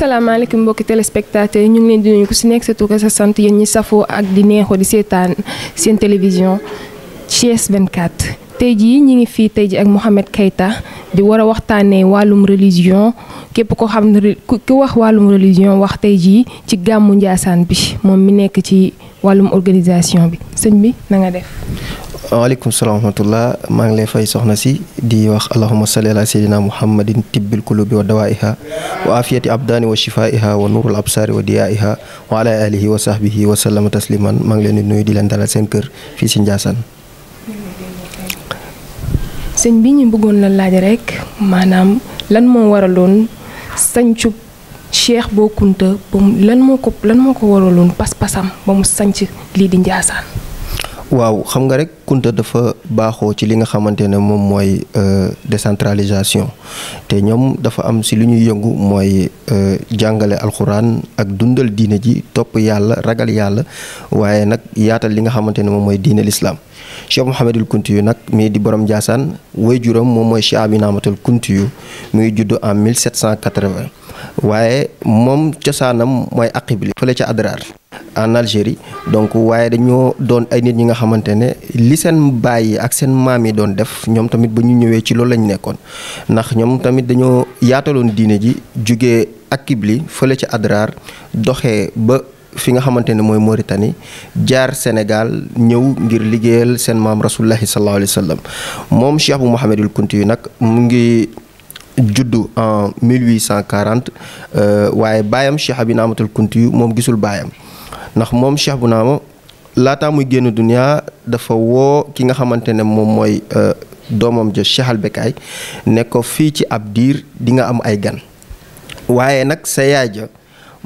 asalaamaaleykum mbokki téléspectateurs yi ñu ngi leen di nuyu ku si nekk sa tur sa sant yéen ñi safoo ak di neexoo di seetaan seen télévision Thiès 24. tey jii ñu ngi fii tey ji ak Mouhamed Keita di war a waxtaanee wàllum religion képp ko xam ku wax wàllum religion wax tey jii ci gàmmu Ndiassane bi moom mi nekk ci wàllum organisation bi sëñ bi na nga def. waaleykum salaam wa rahmatullah maa ngi lay fay soxna si di wax allahuma salli ala sayyidina muhammadin tibbil kulubi wa dawaiha wa afiyati abdaani wa shifaiha wa nurul absaari wa diyaiha wa ala alihi wa sahbihi wa sallama tasliman maa ngi leen di nuyu di leen dalal seen kër fii si Ndiassane sëñ bi ñu bëggoon la laaj rek maanaam lan moo waraloon sañcu Cheikh Bou Kounta ba mu lan moo ko lan moo ko waraloon pas-pasam ba mu sañc lii di Ndiassane waaw xam nga rek Kunta dafa baaxoo ci li nga xamante ne moom mooy euh, décentralisation te ñoom dafa am si lu ñuy yëngu mooy euh, jàngale alxuraan ak dundal diine ji topp yàlla ragal yàlla waaye nag yaatal li nga xamante ne moom mooy diine lislaam Cheikh Mouhamadul Kunti yu nag mii di borom Ndiassane way juram moom mooy Cheikh Aminaamatul Kunti yu muy judd en 1780 waaye moom cosaanam mooy aqib li fële ca Adrar en Algérie donc waaye dañoo doon ay nit ñi nga xamante ne li seen baay yi ak seen maam yi doon def ñoom tamit ba ñu ñëwee ci loolu lañu nekkoon ndax ñoom tamit dañoo yaataloon diine ji jugee ak Kibli fële ci Adrar doxe ba fi nga xamante ne mooy Mauritanie jaar Sénégal ñëw ngir liggéeyal seen maam rasulullahi sallallahu alayhi wa moom Cheikh bu Mouhamadul Kunti yu nag mu ngi juddu en 1840 euh, waaye baayam Cheikh Abi Naamatul Kunti yu moom gisul baayam ndax moom Cheikh Bounama laataa muy génn duniyaa dafa woo ki nga xamante ne moom mooy euh, doomam ja Cheikh al ne ko fii ci ab diir di nga am ay gan waaye nag sa yaay ja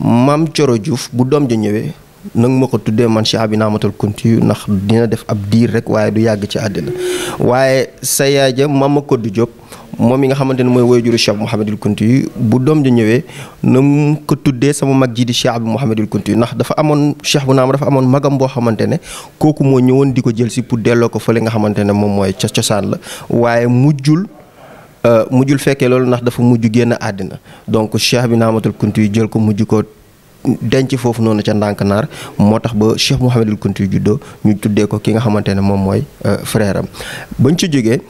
maam Coro juuf bu doom ja ñëwee nag ma ko tuddee man Cheikh Abi Naamatul Kunti ndax dina def ab diir rek waaye du yàgg ci àddina waaye sa yaay ja maam ma Koddu Diop moom mi nga xamante ne mooy woyjuru Cheikh Mouhamadul Kounti yi bu doom da ñëwee na mu ko tuddee sama mag ji di Cheikh Abdou Mouhamadul Kounti ndax dafa amoon Cheikh bu naam dafa amoon magam boo xamante ne kooku moo ñëwoon di ko jël si pour delloo ko fële nga xamante ne moom mooy ca cosaan la waaye mujjul euh, mujjul fekkee loolu ndax dafa mujj génn àddina donc Cheikh bi naamatul Kounti yi jël ko mujj ko denc foofu noonu ca ndànkanaar moo tax ba Cheikh Mouhamadul Kounti yi juddoo ñu tuddee ko ki nga xamante ne moom mooy euh, frère bañ ci jógee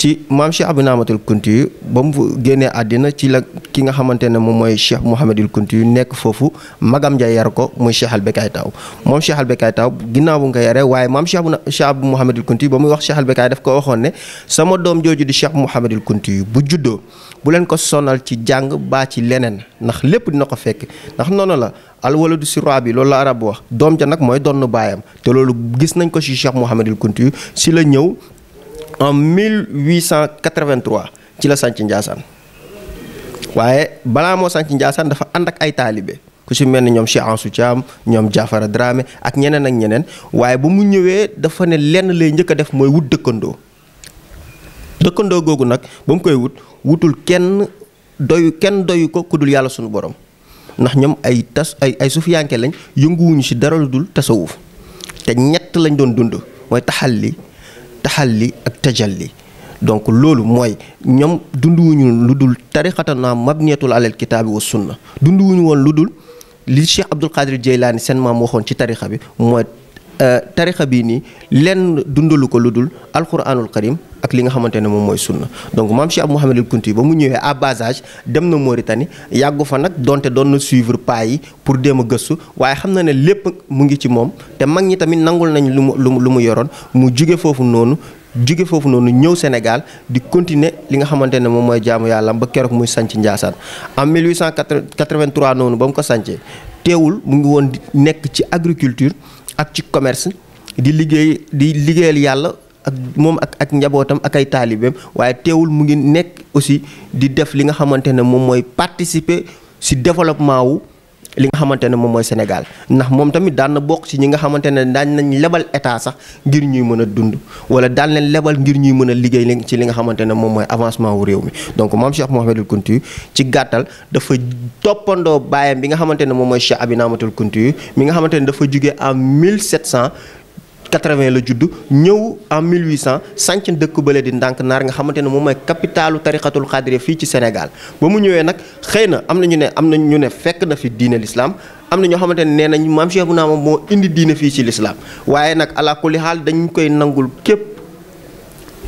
ci maam Cheikh Abdou Nahmatul Kunti ba mu génnee àddina ci la ki nga xamante ne moom mooy Cheikh Mouhamadul Kunti yu nekk foofu magam ja yar ko muy Cheikh Albé Kaytaw moom Cheikh Albé Kaytaw ginnaaw bu nga ko waaye maam Cheikh Cheikh Abdou Mouhamadul Kunti ba muy wax Cheikh Albé Kaytaw ko waxoon ne sama doom jooju di Cheikh Mouhamadul Kunti yu bu juddoo bu leen ko sonal ci jàng baa ci leneen ndax lépp dina ko fekk ndax noonu la alwaladu si roi bi loolu la arab wa doom ja nag mooy donn baayam te loolu gis nañ ko si Cheikh Mouhamadul Kunti yu si la ñëw en 1883 ci la sànc Ndiassane waaye balaa moo sànc Ndiassane dafa ànd ak ay taalibe ku si mel ni ñoom Cheikh Ansou Thiam ñoom Jaafara Dramé ak ñeneen ak ñeneen waaye ba mu ñëwee dafa ne lenn lay njëkk a def mooy wut dëkkandoo dëkkandoo googu nag ba mu koy wut wutul kenn doyu kenn doyu ko ku dul yàlla suñu borom ndax ñoom ay tas ay ay lañ yënguwuñu si dara dul tasawuf te ñett lañ doon dund mooy taxal li li ak li donc loolu mooy ñoom dunduwuñu lu dul tarixatan naa mabniyatul alal kitaabi wa sunna dunduwuñu woon lu dul li Cheikh Abdul Qadir Jeylaani seen maam waxoon ci tarixa bi mooy euh, tarixa bii nii lenn dundalu ko lu dul alquranul karim ak li nga xamante ne moom mooy sunna donc maam Cheikh Mouhamadul Kounti ba mu ñëwee à bas âge dem na Mauritanie yàggu fa nag donte doon na suivre pas yi pour dem a gëstu waaye xam na ne lépp mu ngi ci moom te mag ñi tamit nangul nañu lu mu lu mu yoroon mu jóge foofu noonu jóge foofu noonu ñëw Sénégal di continuer li nga xamante ne moom mooy jaamu yàlla ba keroog muy sanc Ndiassane en 1883 noonu ba mu ko sancee teewul mu ngi woon nekk ci agriculture ak ci commerce liggéey di liggéeyal yàlla ak moom ak ak njabootam ak ay taalibeem waaye teewul mu ngi nekk aussi di def li nga xamante ne moom mooy participer ci développement wu li nga xamante ne moom mooy ndax moom tamit daan na bokk si ñi nga xamante ne daan nañ lebal état sax ngir ñuy mën a dund wala daan leen lebal ngir ñuy mën a liggéey ci li nga xamante ne moom mooy avancement wu réew mi donc maam Cheikh Mouhamadul Kounti ci gàttal dafa toppandoo baayam bi nga xamante ne moom mooy Cheikh Abi Nahmatul Kounti mi nga xamante ne dafa jugee en 1700 80 la judd ñëw en 1800 sànc dëkk bële di ndànk naar nga xamante ne moom mooy capitalu tarixatul xaadiriya fii ci Sénégal ba mu ñëwee nag xëy na am na ñu ne am na ñu ne fekk na fi diine lislaam am na ñoo xamante ne nee nañ maam naa Bounama moo indi diine fii ci lislaam waaye nag ala xaal dañu koy nangul képp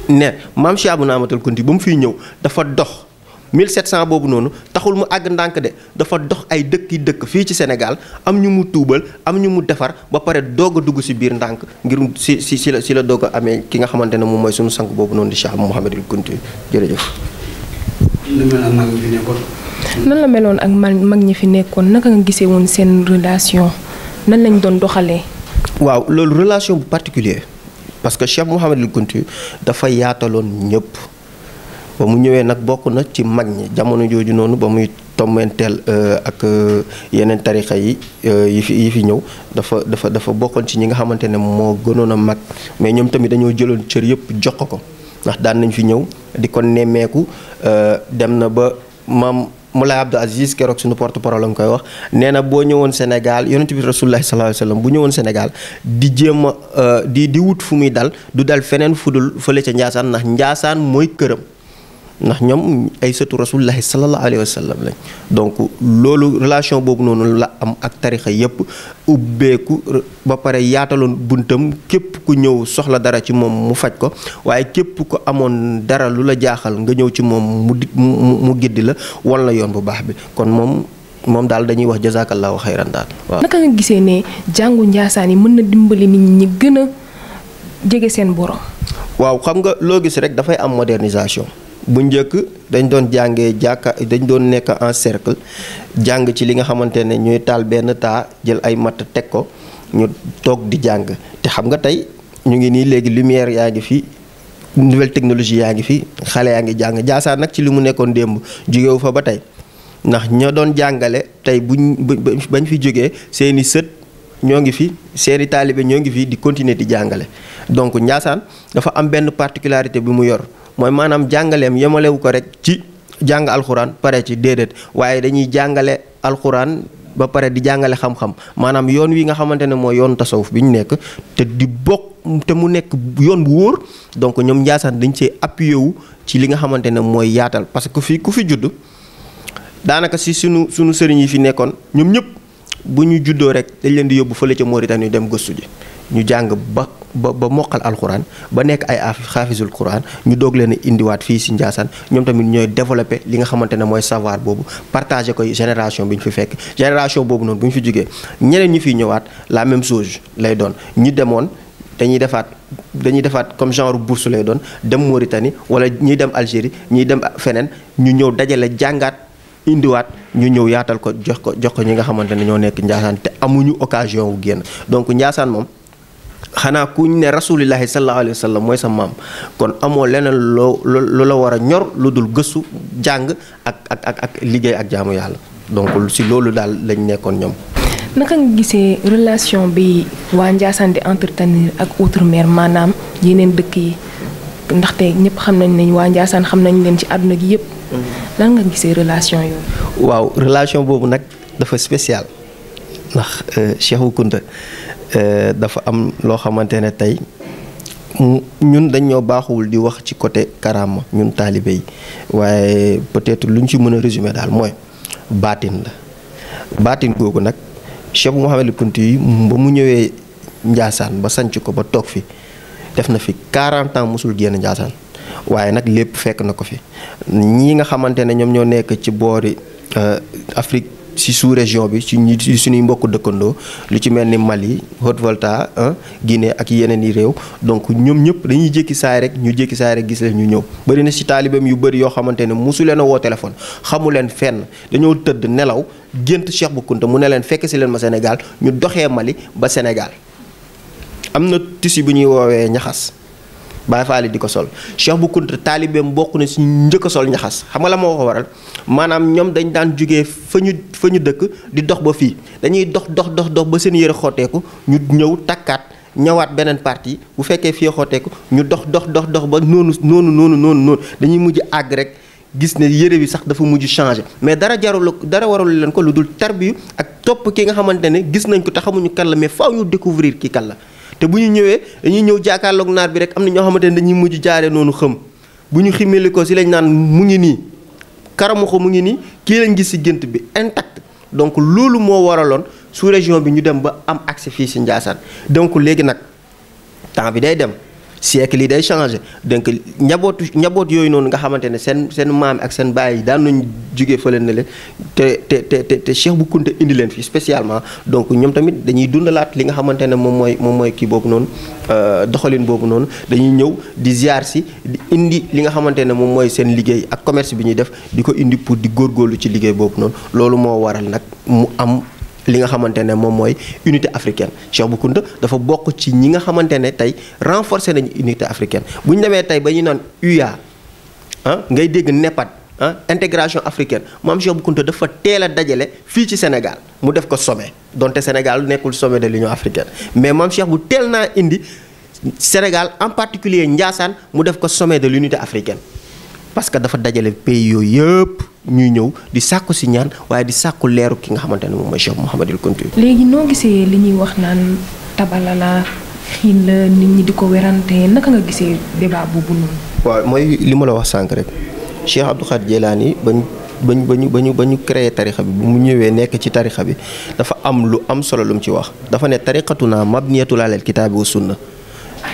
ne maam naa Bounama Kunti ba mu fiy ñëw dafa dox. 1700 boobu noonu taxul mu àgg ndànk de dafa dox ay dëkk yi dëkk fii ci senegal am ñu mu tuubal am ñu mu defar ba pare doog a dugg si biir ndànk ngir si si si la si la doog amee ki nga xamante ne moom mooy suñu sang boobu noonu di Cheikh Mouhamadul Kunti jërëjëf. nan la meloon ak mag ñi fi nekkoon naka nga gisee woon seen relation nan lañ doon doxalee. waaw loolu relation bu particulier parce que Cheikh Mouhamadul Kunti dafa yaataloon ñëpp. ba mu ñëwee nag bokk na ci mag ñi jamono jooju noonu ba muy tommenteel euh, ak euh, yeneen tarixa yi euh, yi fi yi fi ñëw dafa dafa dafa bokkoon ci ñi nga xamante ne moo gënoon a mag mais ñoom tamit dañoo jëloon cër yëpp jox ko ko ndax daan nañ fi ñëw di kon nemmeeku dem na ba maam Moulay Abdou Aziz keroog suñu porte parole nga koy wax nee na boo ñëwoon Sénégal yonent bi rasulullahi sallallahu bu ñëwoon senegal di jéem a di di wut fu muy dal du dal feneen fu dul fële ca Njaasaan ndax Njaasaan mooy këram ndax ñoom ay sëtu rasulullahi sallallahu alayhi wa sallam donc loolu relation boobu noonu la am ak tarixa yépp ubbeeku ba pare yaataloon buntam képp ku ñëw soxla dara ci moom mu faj ko waaye képp ku amoon dara lu la jaaxal nga ñëw ci moom mu di mu giddi la wal yoon bu baax bi kon moom moom daal dañuy wax jazakallahu xayran daal waaw naka nga gisee ne jàngu njaasaan yi mën na dimbali nit ñi gën a jege seen borom waaw xam nga loo gis rek dafay am modernisation bu njëkk dañ doon jàngee jàkka dañ doon nekk en cercle jàng ci li nga xamante ne ñuy taal benn taa jël ay matt teg ko ñu toog di jàng te xam nga tey ñu ngi nii léegi lumière yaa ngi fi nouvelle technologie yaa ngi fi xale yaa ngi jàng jaasaan nag ci li mu nekkoon démb jógewu fa ba tey ndax ñoo doon jàngale tey bu buñ bañ fi jógee seeni sët ñoo ngi fi seeni taalibe ñoo ngi fi di continuer di jàngale donc Njaasaan dafa am benn particularité bi mu yor mooy maanaam jàngaleem yemalewu ko rek ci jàng alxuraan pare ci déedéet waaye dañuy jàngale alxuraan ba pare di jàngale xam-xam maanaam yoon wi nga xamante ne mooy yoon tasawuf bi ñu nekk te di bokk te mu nekk yoon bu wóor donc ñoom njaasaan dañ see appuyé wu ci li nga xamante ne mooy yaatal parce que fii ku fi judd daanaka si sunu sunu sëriñ yi fi nekkoon ñoom ñëpp bu ñu juddoo rek dañ leen di yóbbu fële ca Mauritanie dem gëstu ji ñu jàng ba. ba ba moqal alxuraan ba nekk ay xaafisul quran ñu doog leen a indiwaat fii si Ndiassane ñoom tamit ñooy développé li nga xamante ne mooy savoir boobu partagé koy génération bi ñu fi fekk génération boobu noonu bu ñu fi jógee ñeneen ñu fiy ñëwaat la même chose lay doon ñi demoon dañuy defaat dañuy defaat comme genre bourse lay doon dem Mauritanie wala ñiy dem Algérie ñiy dem feneen ñu ñëw dajale jàngaat indiwaat ñu ñëw yaatal ko jox ko jox ko ñi nga xamante ne ñoo nekk Ndiassane amuñu occasion wu génn donc Ndiassane moom xanaa kuñ ne rasulillahi sallallahu alayhi wa mooy sa maam kon amoo leneen loo lu la war a ñor lu dul gëstu jàng ak ak ak liggéey ak jaamu yàlla donc si loolu daal lañ nekkoon ñoom. naka nga gisee relation bi waa Ndiassane di entretenir ak outre-mer maanaam yeneen dëkk yi ndaxte ñëpp xam nañ ne waa Ndiassane xam nañ leen ci àdduna gi yëpp. Mm-hmm. lan nga gisee relation yooyu. waaw relation boobu nag dafa spécial. ndax euh, Cheikhou Kounta euh, dafa am loo xamante ne tey ñun dañ ñoo baaxuwul di wax ci côté karaama ñun taalibe yi waaye peut-être lu ñu ci mën a résumer daal mooy baatin la baatin googu nag Cheikh Mouhamadou Kounta yi ba mu ñëwee Njaasaan ba sanc ko ba toog fi def na fi 40 ans mosul génn Njaasaan waaye nag lépp fekk na ko fi ñi nga xamante ne ñoom ñoo nekk ci boori euh, Afrique si sous région bi su ñu suñuy mbokk dëkkandoo lu ci mel ni Mali Haute-Volta Guinée ak yeneen yi réew donc ñoom ñëpp dañuy jékki saay rek ñu jékki saay rek gis leen ñu ñëw bëri na si taalibeem yu bëri yoo xamante ne mosu leen woo téléphone xamu leen fenn dañoo tëdd nelaw gént Cheikh Bou Kounta mu ne leen fekk si leen ma Sénégal ñu doxee Mali ba Sénégal am na tissu bu ñuy woowee ñaxas Baay Faal di ko sol Cheikh bu Kounta taalibeem bokk na si njëkk a sol njaxas xam nga la moo ko waral maanaam ñoom dañ daan jógee fa ñu fa ñu dëkk di dox ba fii dañuy dox dox dox dox ba seen yére xotteeku ñu ñëw takkaat ñëwaat beneen partie bu fekkee fii xotteeku ñu dox dox dox dox ba noonu noonu noonu noonu dañuy mujj àgg rek gis ne yëre bi sax dafa mujj changé mais dara jarul dara warul leen ko lu dul tarbiyu ak topp ki nga xamante ne gis nañ ko te xamuñu kan la mais faaw ñu découvrir ki kan la te bu ñu ñëwee dañuy ñëw jàkkaarloog naar bi rek am na ñoo xamante ne dañuy mujj jaare noonu xëm bu ñu ximeli ko si lañ naan mu ngi nii karamoxo mu ngi nii kii lañ gis si gént bi intact donc loolu moo waraloon su région bi ñu dem ba am accès fii si Ndiassane donc léegi nag temps bi day dem. siècle yi day changé donc njabootu njaboot yooyu noonu nga xamante ne seen seen maam ak seen baay yi daan nañ jógee fële ne leen te te te te Cheikh Bou Kounta indi leen fii spécialement donc ñoom tamit dañuy dundalaat li nga xamante ne moom mooy moom mooy kii boobu noonu euh, doxalin boobu noonu dañuy ñëw di ziar si di indi li nga xamante ne moom mooy seen liggéey ak commerce bi ñuy def di ko indi pour di góorgóorlu ci liggéey boobu noonu loolu moo waral nag mu am. li nga xamante ne moom mooy unité africain Cheikh Bou Kounta dafa bokk ci ñi nga xamante ne tey renforcer nañu unité africaine bu ñu demee tey ba ñu naan UA ah ngay dégg neppat ah intégration africaine maam Cheikh Bou Kounta dafa teel a dajale fii ci Sénégal mu def ko sommet donte lu nekkul sommet de l'Union africaine mais maam Cheikh bu teel na indi Sénégal en particulier Ndiassane mu def ko sommet de unité africaine parce que dafa dajale pays yooyu yëpp ñuy ñëw di sàkku si ñaan waaye di sàkku leeru ki nga xamante ne moom mooy Cheikh Mouhamadul Kounti. léegi noo gisee li ñuy wax naan tabala la xiin la nit ñi di ko werante naka nga gisee débat boobu noonu. waaw mooy li ma la wax sànq rek Cheikh Abdou Khadre Jelaani ba ñu ba ñu ba ñu ba ñu créé tarixa bi bu mu ñëwee nekk ci tarixa bi dafa am lu am solo lu mu ci wax dafa ne tariqatu naa mabniyatu laaleel kitaabi wa sunna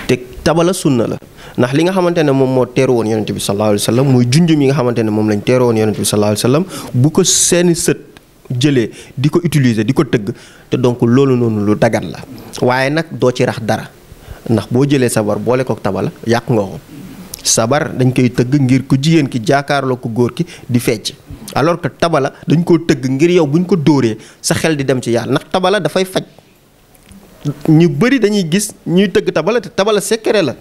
te tabala sunna la. ndax li nga xamante ne moom moo teeru woon yonente bi sallallahu alayhi wa sallam muy junjum yi nga xamante ne moom lañ teeru woon yonente bi sallallahu alayhi wa bu ko seeni sët jëlee di ko utiliser di ko tëgg te donc loolu noonu lu dagan la waaye nag doo ci rax dara ndax boo jëlee sabar boole ko tabala yàq nga ko sabar dañ koy tëgg ngir ku jigéen ki jaakaarloo ko góor ki di fecc alors que tabala dañ koo tëgg ngir yow buñ ko dóoree sa xel di dem ci yàlla ndax tabala dafay faj ñu bëri dañuy gis ñuy tëgg tabala tabala secret la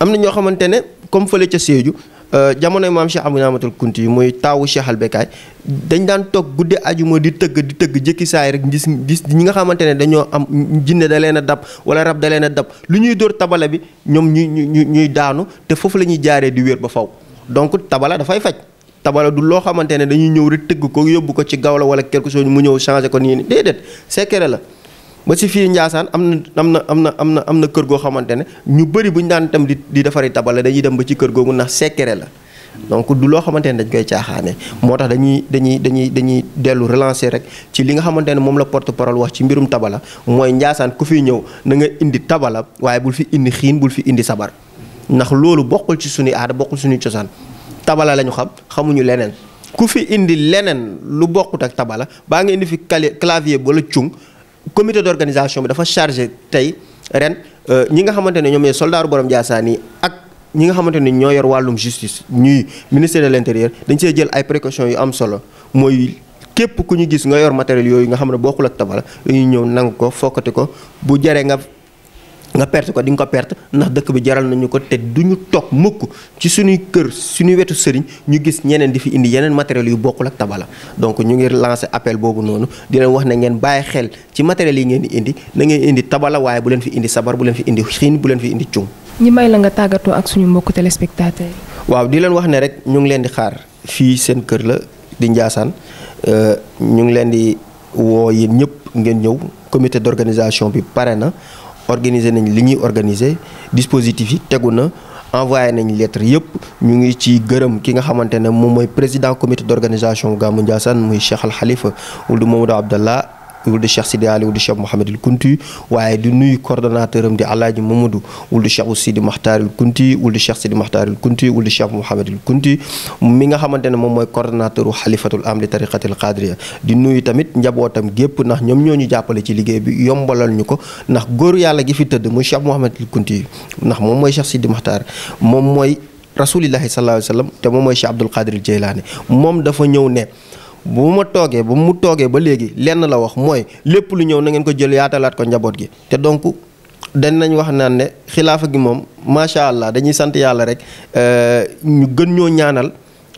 am na ñoo xamante ne comme fële ca Sédhiou euh, jamono maam Cheikh Amadou Amatul Kunti yi muy taawu Cheikh Albekaay dañ daan toog guddi ajuma di tëgg di tëgg jëkki saay rek gis gis ñi nga xamante ne dañoo am jinne da leen a dab wala rab da leen a dab lu ñuy dóor tabala bi ñoom ñuy ñu ñuy daanu te foofu la ñuy jaaree di wér ba faw donc tabala dafay faj. tabala du loo xamante ne dañuy ñëw rek tëgg ko yóbbu ko ci gaaw la wala quelque chose mu ñëw changé ko nii nii déedéet secret la. ba si fii Njaasaan am na am na am na am na am na kër goo xamante ne ñu bëri bu ñu daan tam di di defari tabala dañuy dem ba ci kër googu ndax sekkere la donc du loo xamante ne dañ koy caaxaane moo tax dañuy dañuy dañuy dañuy dellu relancer rek ci li nga xamante ne moom la porte parole wax ci mbirum tabala mooy Njaasaan ku fi ñëw na indi tabala waaye bul fi indi xiin bul fi indi sabar ndax loolu bokkul ci suñu aada bokkul suñuy cosaan tabala lañu xam xamuñu leneen ku fi indi leneen lu bokkut ak tabala baa nga indi fi clavier wala cung comité d'organisation bi dafa chargé tey ren euh, ñi nga xamante ne ñoom ñooy soldaaru borom Ndiassane yi ak ñi nga xamante ne ñoo yor wàllum justice ñuy ministère de l'intérieur dañ see jël ay précautions yu am solo mooy képp ku ñu gis nga yor matériel yooyu nga xam ne bokkul ak tabal dañuy ñëw nangu ko fokkati ko bu jëree nga. nga perte ko di nga ko perte ndax dëkk bi jaral nañu ko te duñu ñu toog mukk ci suñuy kër suñu wetu sëriñ ñu gis ñeneen di fi indi yeneen matériel yu bokkul ak tabala donc ñu ngi lancé appel boobu noonu di leen wax ne ngeen bàyyi xel ci matériel yi ngeen di indi na indi tabala waaye bu leen fi indi sabar bu leen fi indi xiin bu leen fi indi cung ñi may la nga tàggatoo ak suñu mbokku téléspectateurs yi. waaw di leen wax ne rek ñu ngi leen di xaar fii seen kër la di Ndiassane euh, ñu ngi leen di woo yéen ñëpp ngeen ñëw comité d'organisation bi pare na organiser nañ li ñuy organiser dispositif yi tegu na envoyé nañ lettre yëpp ñu ngi ci gërëm ki nga xamante ne moom mooy président comité d' organisation Gamou Ndiassane muy Cheikh Al Khalifa Ould Mamadou Abdallah wul di Cheikh Sidi Ali wul di Cheikh Mouhamadul Kunti waaye di nuyu coordonnateur am di Alaaji Mamadou wul di Cheikh Sidi Maxtaarul Kunti wul di Cheikh Sidi Maxtaarul Kunti wul di Cheikh Mouhamadul Kunti mi nga xamante ne moom mooy coordonnateur u xalifatul am li tariqatil qadriya di nuyu tamit njabootam gépp ndax ñoom ñoo ñu jàppale ci liggéey bi yombalal ñu ko ndax góoru yàlla gi fi tëdd muy Cheikh Mouhamadul Kunti ndax moom mooy Cheikh Sidi Maxtaar moom mooy rasulillahi sallallahu alayhi wa sallam te moom mooy Cheikh Abdul Qadir Jeylaani moom dafa ñëw ne bu ma toogee bu mu toogee ba léegi lenn la wax mooy lépp lu ñëw na ngeen ko jël yaatalaat ko njaboot gi te donc dañ nañ wax naan ne xilaafa gi moom macha allah dañuy sant yàlla rek euh, ñu gën ñoo ñaanal.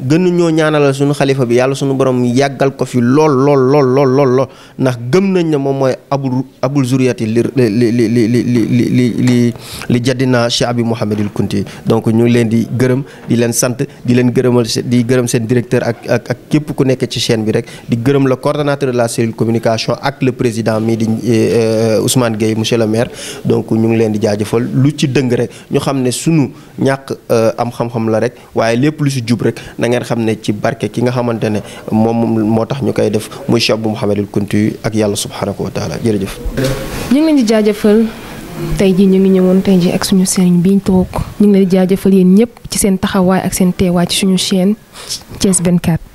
gën ñoo ñaanalal suñu xalifa bi yàlla suñu borom yàggal ko fi lool lool lool lool lool lool ndax gëm nañ ne moom mooy abul abul zuriyati li li li li li li li li jaddina Cheikh Abi Mouhamadil Kunti donc ñu ngi leen di gërëm di leen sant di leen gërëmal di gërëm seen directeur ak ak ak képp ku nekk ci chaîne bi rek di gërëm la coordonnateur de la cellule communication ak le président mii di Ousmane Gueye monsieur le maire donc ñu ngi leen di jaajëfal lu ci dëng rek ñu xam ne suñu ñàkk am xam-xam la rek waaye rek ngeen xam ne ci barke ki nga xamante ne moom moo tax ñu koy def muy Cheikh bu Mouhamadul Kunti ak yàlla subhanahu wa taala jërëjëf. ñu ngi leen di jaajëfal tey jii ñu ngi ñëwoon tey jii ak suñu sëriñ bi toog ñu ngi leen di jaajëfal yéen ñëpp ci seen taxawaay ak seen teewaay ci suñu chaîne Thiès 24.